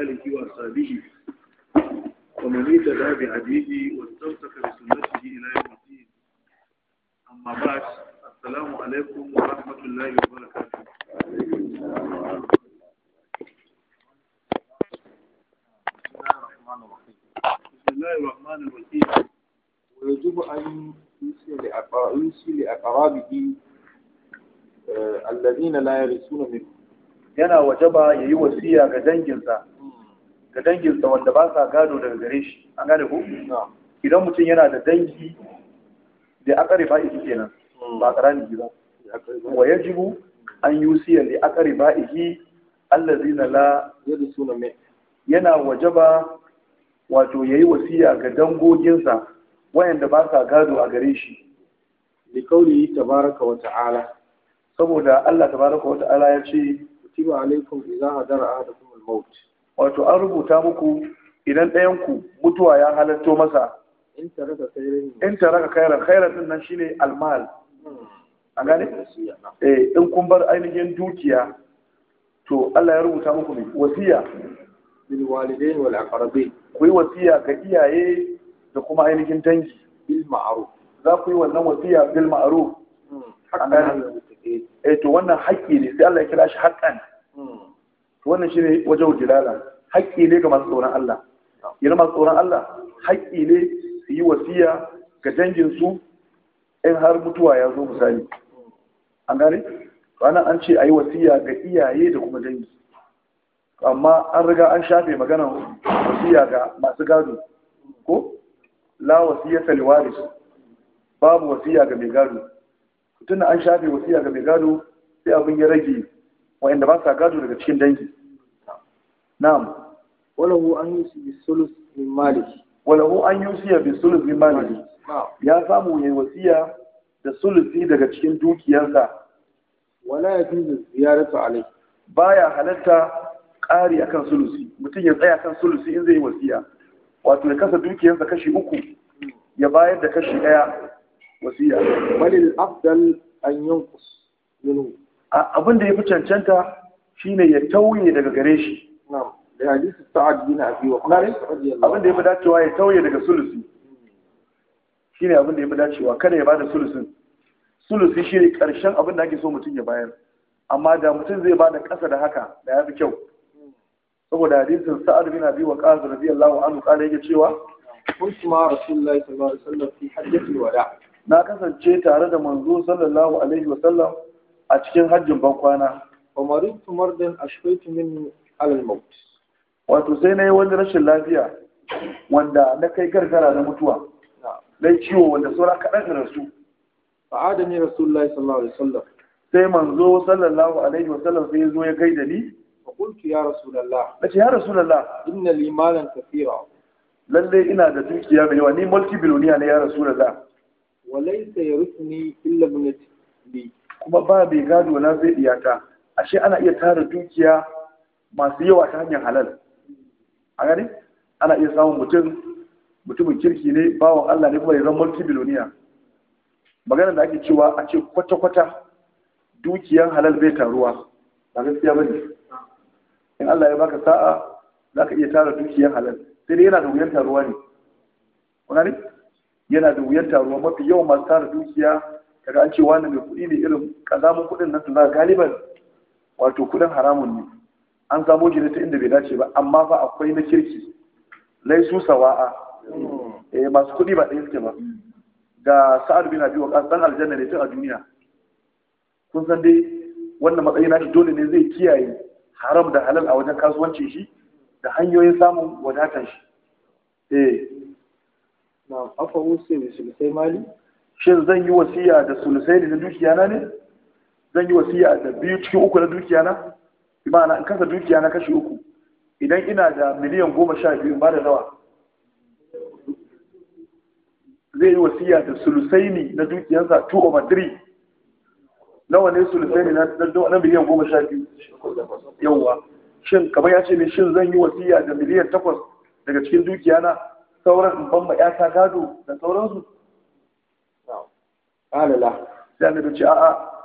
آله وأصحابه ومن اهتدى بهديه واستمسك بسنته إلى يوم الدين أما بعد السلام عليكم ورحمة الله وبركاته بسم الله الرحمن الرحيم ويجب أن يسلي أقرابه الذين لا يرثون منه yana waje ba ya yi wasiya ga danginsa ga danginsa wanda ba sa gado daga gare shi an gane ku idan mutum yana da dangi da ba iki kenan ba karani ba wa yajibu an yi yusiya li akarifa iki allazina la suna mai yana waje ba wato ya yi wasiya ga dangoginsa wayanda ba sa gado a gare shi li yi tabaraka wa ta'ala saboda Allah tabaraka wa ta'ala ya ce kutiba alaikum idza hadara ahadukum al-maut wato an rubuta muku idan ɗayan ku mutuwa ya halatto masa in taraka khairan khairan din nan shine al-mal an gane eh in kun bar ainihin dukiya to Allah ya rubuta muku ne wasiya bil walidain wal aqrabin ku yi wasiya ga iyaye da kuma ainihin dangi bil ma'ruf za ku yi wannan wasiya bil ma'ruf hmm. eh to wannan haƙƙi ne sai Allah ya kira shi haƙƙan to wannan shine wajen jilala haƙƙi ne ga masu tsoron Allah yana masu tsoron Allah haƙƙi ne su yi wasiya ga dangin su in har mutuwa ya zo misali an gane anan an ce a yi wasiya ga iyaye da kuma dangi amma an riga an shafe magana wasiya ga masu gado ko la wasiya salwaris babu wasiya ga mai gado tunda an shafe wasiya ga mai gado sai abin ya rage wa'anda ba sa gado daga cikin dangi na'am walahu an yi su bi sulus min malihi walahu an su bi sulus min maliki. ya samu yayi wasiya da sulusi daga cikin dukiyarsa wala yajuzu ziyaratu Ba baya halatta ƙari akan sulusi mutum ya tsaya kan sulusi in zai yi wasiya wato ya kasa dukiyarsa kashi uku ya bayar da kashi ɗaya wasiya balil afdal an yanqus minhu abin da yafi cancanta shine ya tauye daga gare shi na'am da hadisi sa'ad bin abi wa abin da yafi dacewa ya tauye daga sulusi shine abin da yafi dacewa kada ya bada sulusin sulusi shine karshen abin da ake so mutum ya bayar amma da mutum zai bada kasa da haka da yafi kyau saboda hadisin sa'ad bin abi waqas radiyallahu anhu kana yake cewa kuntu ma rasulullahi sallallahu alaihi wasallam fi hajjatil wada' na kasance tare da manzo sallallahu alaihi wa sallam a cikin hajjin bankwana wa maritu mardan ashfaitu min alal maut wato sai nayi yi wani rashin lafiya wanda na kai gargara na mutuwa dai ciwo wanda saura kaɗan da rasu fa adami rasulullahi sallallahu alaihi sallam. sai manzo sallallahu alaihi wa sallam sai zo ya da ni fa qultu ya rasulullah nace ya rasulullah innal limalan kathira lalle ina da dukiya mai yawa ni multi billionaire ne ya rasulullah walaisa ya rusuni illa ne. kuma ba bai gado na zai iyata ashe ana iya tara dukiya masu yawa ta hanyar halal a gani ana iya samun mutum mutumin kirki ne bawan Allah ne kuma ya zama multibiloniya maganar da ake cewa a ce kwata-kwata dukiyan halal zai taruwa ba gaskiya bane in Allah ya baka sa'a za ka iya tara dukiyan halal sai dai yana da wuyan taruwa ne kuna gani? yana da wuyar taruwa mafi yawan masu tara dukiya kaga an ce wani mai kuɗi ne irin kazamin kuɗin nan za galiban wato kuɗin haramun ne an samo shi ta inda bai dace ba amma fa akwai na kirki laisu sawa'a eh masu kuɗi ba ɗaya suke ba ga sa'ad bin abi waqas dan aljanna ne tun a duniya kun san dai wannan matsayi na dole ne zai kiyaye haram da halal a wajen kasuwancin shi da hanyoyin samun wadatar shi eh na afa wusi bi sulusai mali shin zan yi wasiya da sulusai na dukiya na ne zan yi wasiya da biyu cikin uku na dukiya na Imana in kasa dukiya na kashi uku idan ina da miliyan goma sha biyu ba da nawa zai yi wasiya da sulusaini na dukiyarsa two over three? nawa ne sulusaini na miliyan goma sha biyu Yawwa, shin kamar ya ce ne shin zan yi wasiya da miliyan takwas daga cikin dukiya na? sauran in ban ma yata gado da sauransu. Ƙalala. Sai annabi ce a'a